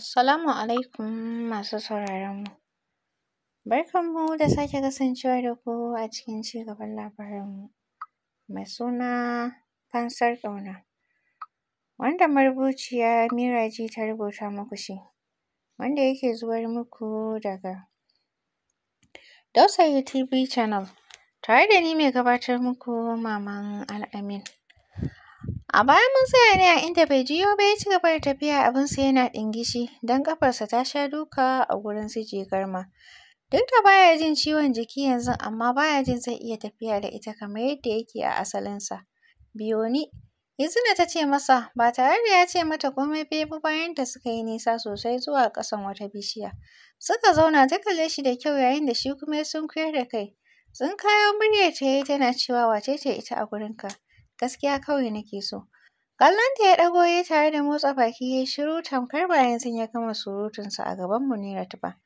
Assalamu alaikum masu sauraron mu. Barkan mu da sake kasancewa da ku a cikin ci gaban labarin mu mai suna fansar ƙauna. Wanda marubuciya Mira G ta rubuta muku shi, wanda yake zuwa muku daga Dausayi TV Channel, tare da ni mai gabatar muku Maman Al-Amin. A baya mun saya ne a inda bai jiyo ba ya ci gaba da tafiya abin sai yana ɗingishi don ƙafarsa ta sha duka a gurin su ma. Duk da baya jin ciwon jiki yanzu amma baya jin zai iya tafiya da ita kamar yadda yake a asalinsa. Biyoni, Izina ta ce masa ba tare da ya ce mata komai ba ya bayan bayanta suka yi nisa sosai zuwa kasan wata bishiya. Suka zauna ta kalle shi da kyau yayin da shi kuma ya sunkuyar da kai. Sun kayo muryar ta yi tana cewa wace ce ita a gurinka? Gaskiya kawai nake so. Kallonta ya ɗago ya tare da motsa baki ya yi shiru tamkar bayan sun ya gama surutunsa a gaban Muniratu ba.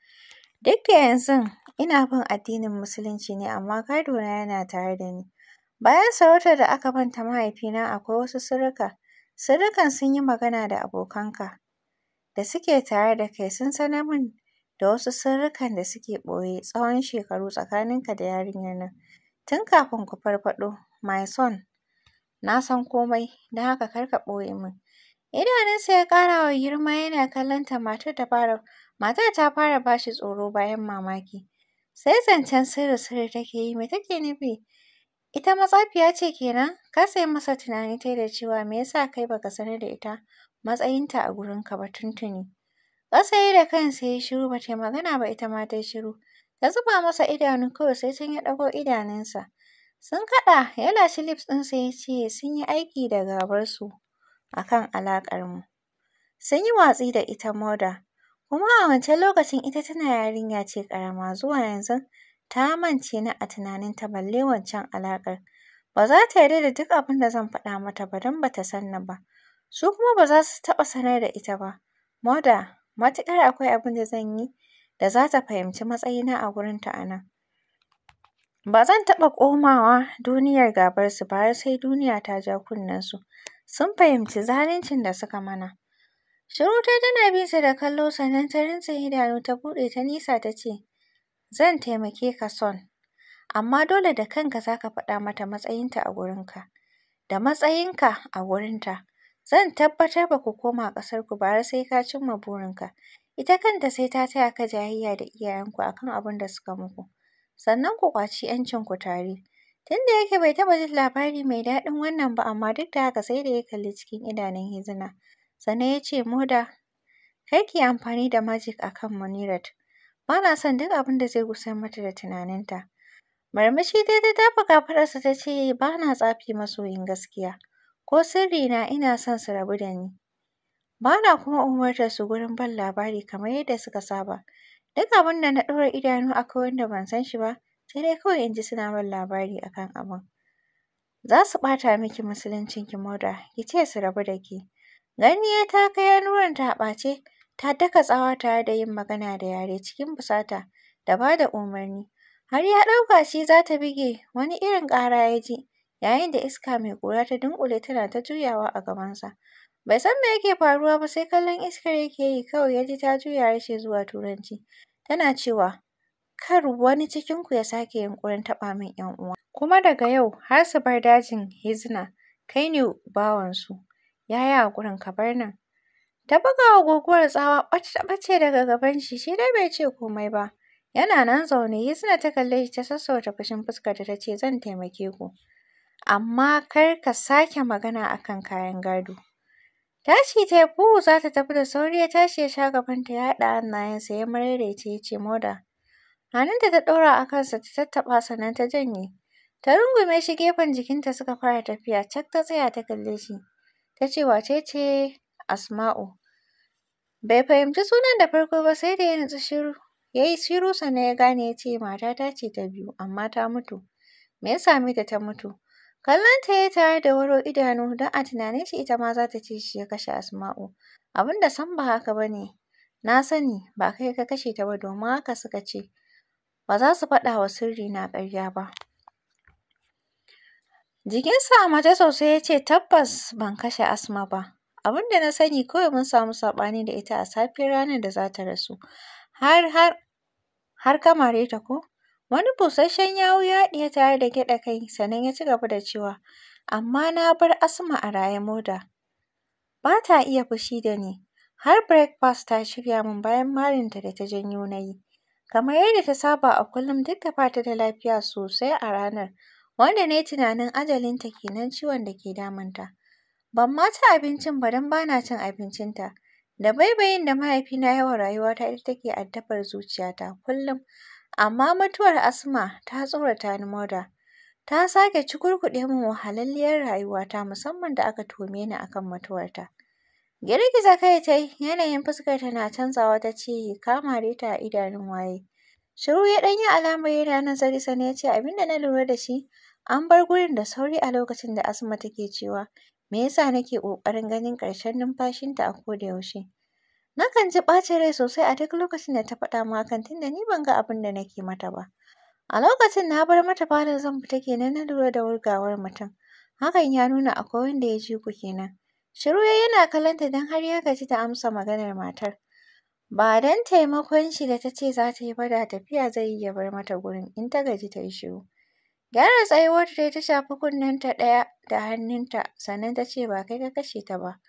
Duk da yanzu ina bin addinin Musulunci ne amma gadona yana tare da ni. Bayan sarautar da aka manta mahaifina akwai wasu sirrika. Sirrikan sun yi magana da abokanka da suke tare da kai sun sanar min da wasu sirrikan da suke ɓoye tsawon shekaru tsakaninka da yarinyar nan. Tun kafin ku farfaɗo, my son. Na san komai, Da haka kar ka ɓoye min. Idanunsa ya ƙara wa girma yana kallon ta matar ta fara matar ta fara ba tsoro bayan mamaki. Sai zancen sirri-sirri take yi, me take nufi? Ita matsafiya ce kenan? ka sayi masa tunani ta yi da cewa me yasa kai baka sanar da ita matsayinta a gurinka ba tuntuni. Ƙasa ya da kansa ya shiru ba ta magana ba ita ma ta shiru. Ta zuba masa idanu kawai sai can ya ɗago idanunsa. Sun kaɗa, yana lashi ɗin sai ya ce sun yi aiki da gabarsu a kan mu. Sun yi watsi da ita Mother, kuma a wancan lokacin ita tana yarinya ce ƙarama zuwa yanzu ta mance ni a tunaninta balle wancan alaƙar. Ba za ta yarda da duk abin da zan faɗa mata ba don bata ta san ni ba, su kuma ba za su taɓa sanar da ita ba. Mother, matuƙar akwai abin da zan yi da za ta fahimci matsayina a gurinta a nan. Ba zan taɓa komawa duniyar gabarsu ba sai duniya ta ja kunnen su. sun fahimci zaluncin da suka mana. Shiru tai tana bin sa da kallo sannan ta rintsa idanu ta buɗe ta nisa ta ce, Zan taimake ka son, amma dole da kanka za ka faɗa mata matsayinta a gurinka, da matsayinka a gurinta. Zan tabbatar baku koma ƙasarku ba har sai ka cimma burinka. Ita kanta sai ta taya ka jayayya da iyayenku akan kan abin da suka muku. sannan ku ƙwaci ‘yancinku tare. Tun da yake bai taɓa jin labari mai daɗin wannan ba amma duk da haka sai da ya kalli cikin idanun hizina Sannan ya ce Moda, kai ki yi amfani da magic a kan Munirat. Ba na son duk abin da zai gusar mata da tunaninta. Marmashi dai ta tafa kafaɗarsa ta ce ba na tsafi masoyin gaskiya. Ko sirri na ina son su rabu da ni. Ba na kuma umartar su gurin ban labari kamar yadda suka saba. Duk abin da na ɗora idanu a kai wanda ban san shi ba, sai dai kawai in ji suna min labari akan kan abin. Za su ɓata miki musuluncinki Mauda, ki ce su rabu da ke. Gani ta kai yanuwanta a ɓace, ta daka tsawa tare da yin magana da yare cikin fusata da ba da umarni. Har ya ɗauka shi za ta bige, wani irin ƙara ya ji, yayin da iska mai ƙura ta dunƙule tana ta juyawa a gabansa. Bai san me yake faruwa ba sai kallon iskar yake yi kawai ya ji ta juya harshe zuwa Turanci. Tana cewa, kar wani cikinku ya sake yunƙurin taɓa min ‘yan uwa. Kuma daga yau har su bar dajin Hizna, kai ne bawansu. Yaya haƙurin ka bar nan. Ta buga wa guguwar tsawa ɓace-ɓace daga gaban shi, shi dai bai ce komai ba. Yana nan zaune, Hizna ta kalle shi ta sassauta fushin fuskarta ta ce zan taimake ku. Amma kar ka sake magana a kan kayan gado. Tashi ta yi buhu za ta tafi da sauri ya tashi ya sha gabanta ya haɗa hannayensa ya marairaice ya ce moda. Hannunta ta ɗora a kansa ta tattaɓa sannan ta janye. Ta rungume shi gefen jikinta suka fara tafiya cak ta tsaya ta kalle shi. Ta ce wace ce Asma'u? Bai fahimci sunan da farko ba sai da ya nutsu shiru. Ya yi shiru sannan ya gane ya ce matata ce ta biyu amma ta mutu. Me ya same ta ta mutu? Kallon ta yi tare da waro idanu don a tunanin shi ita ma za ta ce shi ya kashe Asma'u. Abin da sam ba haka ba ne. Na sani ba kai ka kashe ta ba domin haka suka ce. Ba za su faɗa wa sirri na ƙarya ba. Jikinsa a mace sosai ya ce tabbas ban kashe Asma ba. Abin da na sani kawai mun samu saɓani da ita a safiyar ranar da za ta rasu. Har har har ka mare ta ko? Wani busasshen yawu ya haɗiye tare da gyaɗa kai sannan ya ci gaba da cewa, amma na bar Asma a raye mota. Ba ta iya fushi da ni, har breakfast ta shirya min bayan marinta da ta janyo na yi. Kamar yadda ta saba a kullum duk da ba da lafiya sosai a ranar, wanda na yi tunanin ajalinta kenan ciwon da ke damunta. Ban ma ci abincin ba don bana cin abincinta. Da baibayin da mahaifina yawan wa rayuwata ita take addabar zuciyata kullum. amma mutuwar Asma ta tsorata ni moda, Ta sake cikurkuɗe min wahalalliyar rayuwata musamman da aka tome ni akan mutuwarta. Girgiza kai ta yi, yanayin fuskarta na canzawa ta ce kama reta a idanun waye. Shiru ya ɗan yi alamar yana nazari sannan ya ce abin da na lura da shi an bar gurin da sauri a lokacin da Asma take cewa me yasa nake ƙoƙarin ganin ƙarshen numfashinta a koda yaushe. Nakan ji ɓacin rai sosai a duk lokacin da ta faɗa min hakan tunda ni ban ga abin da nake mata ba. A lokacin na bar mata falon zan fita kenan na lura da wurgawar mutum. Hakan ya nuna akwai wanda ya ji ku kenan. Shiru ya yana kallonta don har ya gaji da amsa maganar matar. Ba don taimakon shi da ta ce za ta yi ba da tafiya zai yi ya bar mata gurin in ta gaji ta yi shiru. Gyara tsayuwar ta ta shafi ta ɗaya da hannunta sannan ta ce ba kai ka kashe ta ba.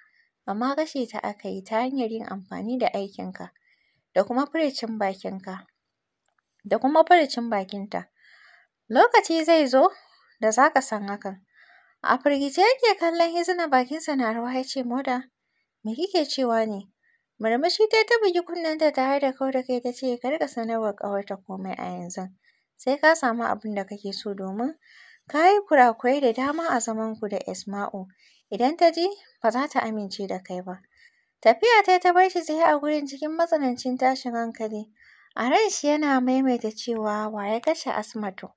amma kashe ta aka yi ta hanyar yin amfani da aikinka da kuma bakin bakinka da kuma bakin bakinta lokaci zai zo da za ka san hakan a firgice yake kallon hizina bakinsa na rawa ya ce moda me kike cewa ne murmushi ta ta bugi kunnenta tare da kau da kai ta ce ka riƙa sanarwa ƙawarta komai a yanzu sai ka samu abin da kake so domin ka yi kurakurai da dama a ku da Isma'u Idan ta ji, ba za ta amince da kai ba. Tafiya ta ta bar shi tsaye a gurin cikin matsanancin tashin hankali. A ran shi yana maimaita cewa wa ya kashe Asmatu.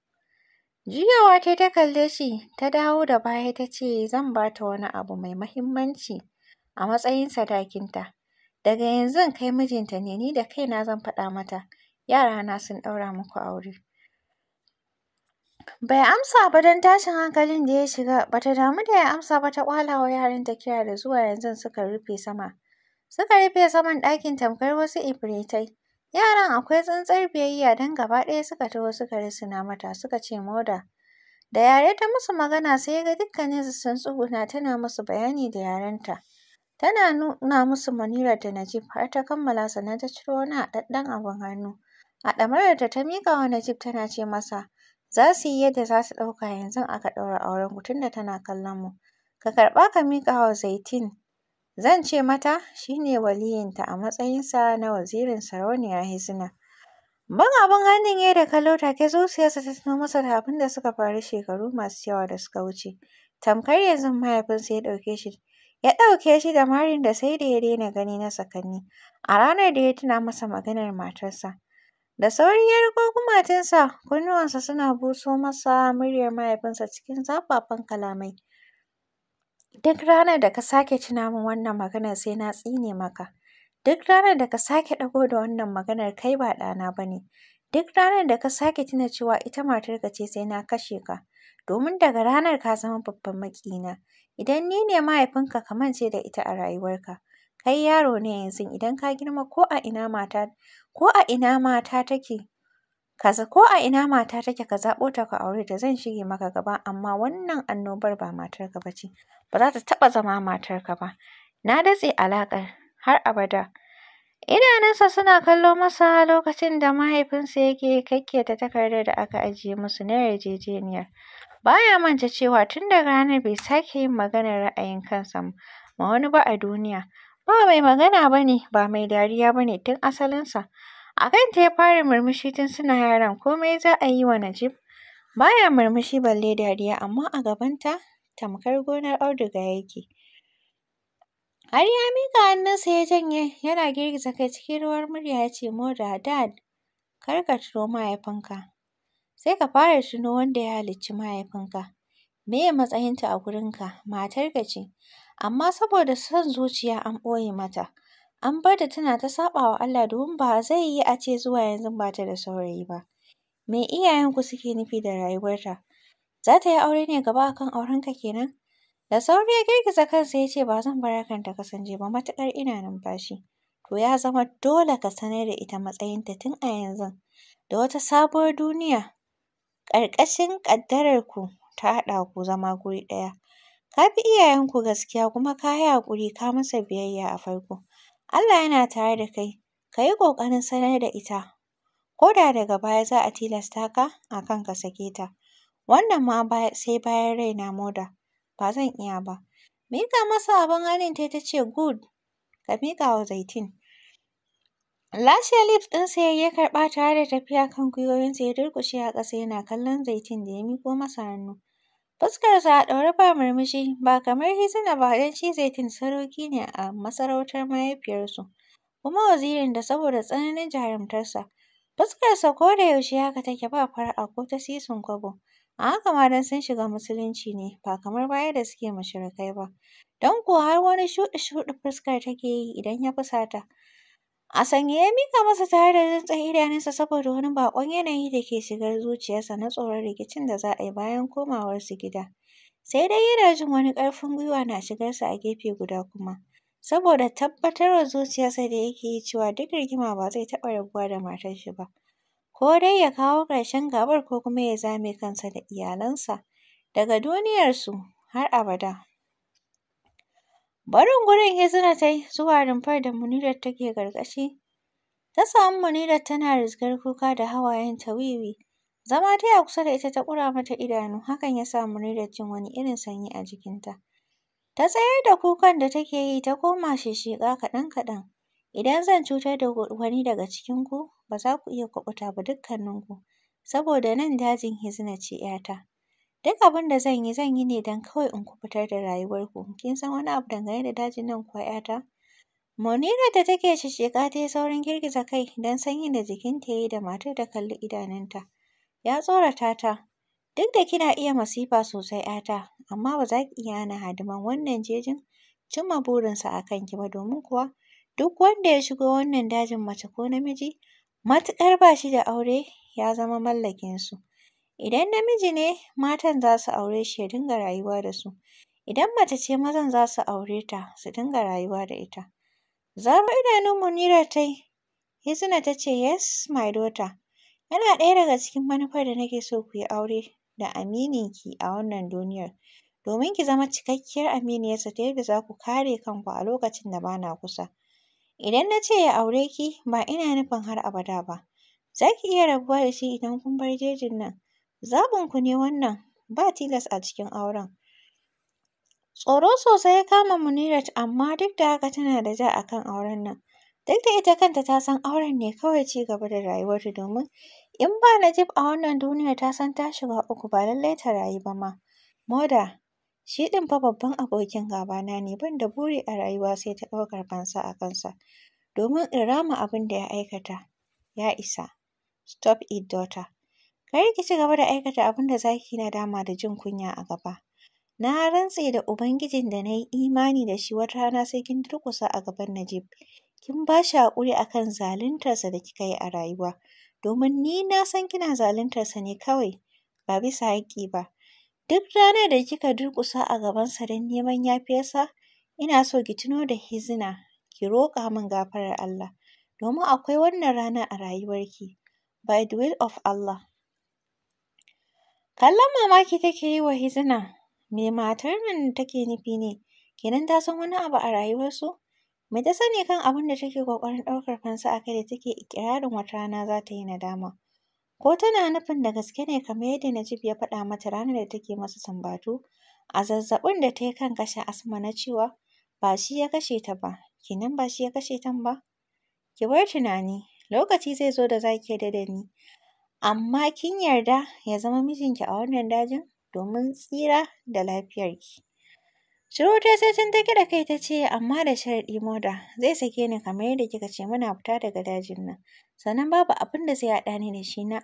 Juyawa ta ta kalle shi, ta dawo da baya ta ce zan ba ta wani abu mai mahimmanci a matsayin sadakinta. Daga yanzu kai mijinta ne, ni da kaina zan faɗa mata. Yarana sun ɗaura muku aure. Bai amsa ba don tashin hankalin da ya shiga, ba ta damu da ya amsa ba ta kwalawa wa ta kira da zuwa yanzu suka rufe sama. Suka rufe saman ɗakin tamkar wasu ifiritai. Yaran akwai tsantsar biyayya don gaba ɗaya suka taho suka na mata suka ce moda. Da yare ta musu magana sai ya ga dukkaninsu sun tsuguna tana musu bayani da yaren ta. Tana nuna musu manira da Najib har ta kammala sannan ta ciro wani haɗaɗɗen abin hannu. A ɗamarar ta ta miƙa wa Najib tana ce masa za su yi yadda za su ɗauka yanzu aka ɗaura auren ku da tana kallon mu ka karɓa ka miƙa wa zaitun zan ce mata shi ne waliyinta a matsayinsa na wazirin sarauniya Hizina. Ban abin hannun ya da kallo take zuciyarsa ta tuno masa da abin da suka faru shekaru masu yawa da suka wuce. Tamkar yanzu mahaifinsa ya ɗauke shi ya ɗauke shi da marin da sai da ya daina gani na sakanni. A ranar da ya tuna masa maganar matarsa Da sauri ya riƙo kumatunsa, kunnuwansa suna buso masa muryar mahaifinsa cikin zafafan kalamai. Duk ranar da ka sake tuna min wannan maganar sai na tsine maka. Duk ranar da ka sake ɗago da wannan maganar kai ba ɗana ba ne. Duk ranar da ka sake tuna cewa ita matarka ce sai na kashe ka. Domin daga ranar ka zama babban makina Idan ni ne mahaifinka ka mance da ita a rayuwarka. Kai yaro ne yanzu idan ka girma ko a ina mata ko a ina mata take kaza ko a ina mata take ka zaɓo ta ka aure ta zan shige maka gaba amma wannan annobar ba matarka ba ce ba za ta taɓa zama matarka ba. Na datse alaƙar har abada. Idanunsa suna kallo masa lokacin da mahaifinsa yake kakketa takardar da aka ajiye musu na yarjejeniyar. Baya manta cewa tun daga ranar bai sake yin maganar ra'ayin kansa ma wani ba a duniya. Ba mai magana ba ne, ba mai dariya ba ne tun asalinsa. A kanta ya fara murmushi tun suna yaran komai za a yi wa Najib. Ba ya murmushi balle dariya amma a gabanta tamkar gonar auduga yake. Har ya miƙa hannunsa ya janye yana girgiza kai cikin ruwan murya ya ce da dad kar ka tuno mahaifinka. Sai ka fara tuno wanda ya halicci mahaifinka. me matsayinta a gurinka? Matarka ce. amma saboda son zuciya an ɓoye mata. An bar da tana ta wa Allah domin ba zai yi a ce zuwa yanzu ba ta da saurayi ba. Me iyayenku suke nufi da rayuwarta? Za ta yi aure ne gaba a kan aurenka kenan? Da sauri ya girgiza kansa ya ce ba zan bar hakan ta kasance ba matuƙar ina numfashi. To ya zama dole ka sanar da ita matsayinta tun a yanzu da wata sabuwar duniya ƙarƙashin ƙaddararku ta haɗa ku zama guri ɗaya. Ka fi iyayenku gaskiya kuma ka yi haƙuri ka masa biyayya a farko. Allah yana tare da kai, ka yi ƙoƙarin sanar da ita, ko da daga baya za a tilasta ka akan kan ka sake ta. Wannan ma sai bayan rai na Moda, ba zan iya ba. Miƙa masa abin hannun ta ce good, ka miƙa wa Zaitun. Lashe lips ɗinsa ya yi karɓa tare da tafiya kan gwiwowinsa ya durƙushe a ƙasa yana kallon zaitun da ya miƙo masa hannu. Fuskarsa a ɗaure ba murmushi, ba kamar hisina ba don shi Zaitun sarauki ne a masarautar mahaifiyarsu, kuma wazirin da saboda tsananin jarumtarsa, fuskarsa ko da yaushe haka take ba fara'a ko ta sisin kwabo. A haka ma don sun shiga musulunci ne, ba kamar baya da suke mushrikai ba. Don kuwa har wani shuɗi-shuɗi fuskar take yi idan ya fusata. A sanye ya mika masa tare da rintsa idanunsa saboda wani bakon yanayi da ke shigar zuciyarsa na tsoron rikicin da za a yi bayan komawarsu gida. Sai dai yana jin wani ƙarfin gwiwa na shigarsa a gefe guda kuma, saboda tabbatarwa zuciyarsa da yake yi cewa duk rigima ba zai taɓa rabuwa da matar shi ba. Ko dai ya kawo ƙarshen gabar ko kuma ya zame kansa da iyalansa daga duniyarsu har abada. Barin gurin hizina eh ta yi zuwa rumfar da Munirat take gargashi. Ta samu Munirat tana rizgar kuka da hawayen ta wiwi. Zama ta a kusa da ita ta ƙura mata idanu, hakan ya sa Munirat jin wani irin sanyi a jikinta. Ta tsayar da kukan da take yi ta koma shishshiƙa kaɗan-kaɗan. Idan zan cutar da wani daga cikinku, ba za ku iya kuɓuta ba dukkaninku, saboda nan dajin hizina ce 'yata. Duk abin da zan yi, zan yi ne don kawai in kuɓutar da rayuwarku. Kin san wani abu dangane da dajin nan kuwa 'yata? Munirat da take shisshiƙa ta yi saurin girgiza kai don sanyin da jikinta ya yi da matar ta kalli idanunta. Ya tsorata ta. Duk da kina iya masifa sosai 'yata, amma ba za ki iya hana hadiman wannan jejin cimma burinsa a kanki ba domin kuwa duk wanda ya shigo wannan dajin mace ko namiji matuƙar ba shi da aure ya zama mallakinsu. Idan namiji ne, matan za su aure shi ya dinga rayuwa da su. Idan mace ce mazan za su aure ta su dinga rayuwa da ita. Zaro idanun Munira ta yi. hizina ta ce, Yes, my daughter. Yana ɗaya daga cikin manufar da nake so ku yi aure da amininki a wannan duniyar. Domin ki zama cikakkiyar aminiyarsa ta yadda za ku kare kanku a lokacin da ba na kusa. Idan na ce ya aure ki, ba ina nufin har abada ba. Za ki iya rabuwa da shi idan kun bar jejin nan. Zaɓinku ne wannan, ba tilas a cikin auren. Tsoro sosai ya kama Munirat amma duk da haka tana da ja a kan auren nan. Duk da ita kanta ta san auren ne kawai ci gaba da rayuwarta domin in ba Najib a wannan duniyar ta san ta shiga uku ba lallai ta rayu ba ma. Moda, shi ɗin fa babban abokin gabana ne ban da buri a rayuwa sai ta ɗaukar fansa a kansa. Domin in rama abin da ya aikata, ya isa. Stop it daughter. Kar ki ci gaba da aikata abin da za ki yi dama da jin kunya a gaba. Na rantse da Ubangijin da na yi imani da shi wata rana sai kin durƙusa a gaban Najib. Kin ba shi haƙuri a kan zaluntarsa da kika yi a rayuwa. Domin ni na san kina zaluntarsa ne kawai, ba bisa haƙƙi ba. Duk ranar da kika durƙusa a gabansa don neman yafiyarsa, ina so ki tuno da hizina, ki roƙa min gafarar Allah. Domin akwai wannan rana a rayuwarki. By the will of Allah, Kallon mamaki take yi wa Hizina, me matar nan take nufi ne? Kenan ta san wani abu a rayuwarsu? Me ta sani kan abin da take ƙoƙarin ɗaukar fansa a kai da take iƙirarin wata rana za ta yi nadama? Ko tana nufin da gaske ne kamar yadda Najib ya faɗa mata ranar da take masa sambatu a zazzaɓin da ta yi kan kashe Asma na cewa ba shi ya kashe ta ba, kenan ba shi ya kashe ta ba? Ki bar tunani, lokaci zai zo da za ki yarda da ni, Amma kin yarda ya zama mijinki a wannan dajin domin tsira da lafiyarki. Shiru ta sai can ta da kai ta ce amma da sharaɗi Moda zai sake ni kamar yadda kika ce muna fita daga dajin nan sannan babu abin da zai haɗa ni da shi na.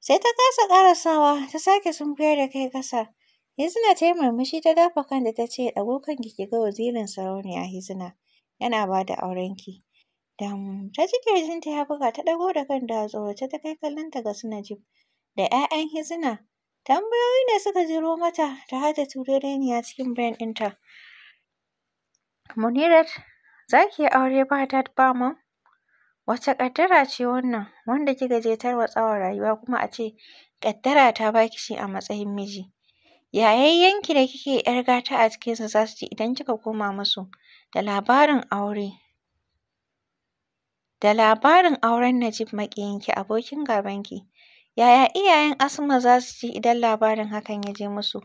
Sai ta kasa ƙarasawa ta sake sunkuyar da kai ƙasa. Hizina ta yi murmushi ta dafa kanta ta ce ɗago kanki ki ga wazirin sarauniya Hizina yana ba da aurenki. dam ta ji ya buga ta ɗago da kanta a tsorace ta kai kallonta ga su da ‘ya'yan hizina tambayoyi ne suka jiro mata tare da turereniya cikin brain ɗinta Munirat za ki yi aure ba dad ba mom wace ƙaddara ce wannan wanda kika je tarwatsawa rayuwa kuma a ce ƙaddara ta baki shi a matsayin miji ya da kike ‘yar gata a cikinsu za su ji idan kika koma musu da labarin aure Da labarin auren Najib maƙiyinki abokin gabanki, yaya iyayen Asma za su ji idan labarin hakan ya je musu,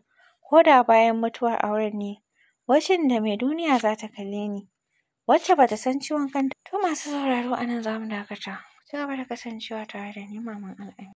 ko da bayan mutuwar auren ne? Waccan da mai duniya za ta kalle ni? Wacce ba ta san ciwon kanta? To masu sauraro a nan za mu dakata. Ku ci gaba kasancewa tare da ni Maman al'ai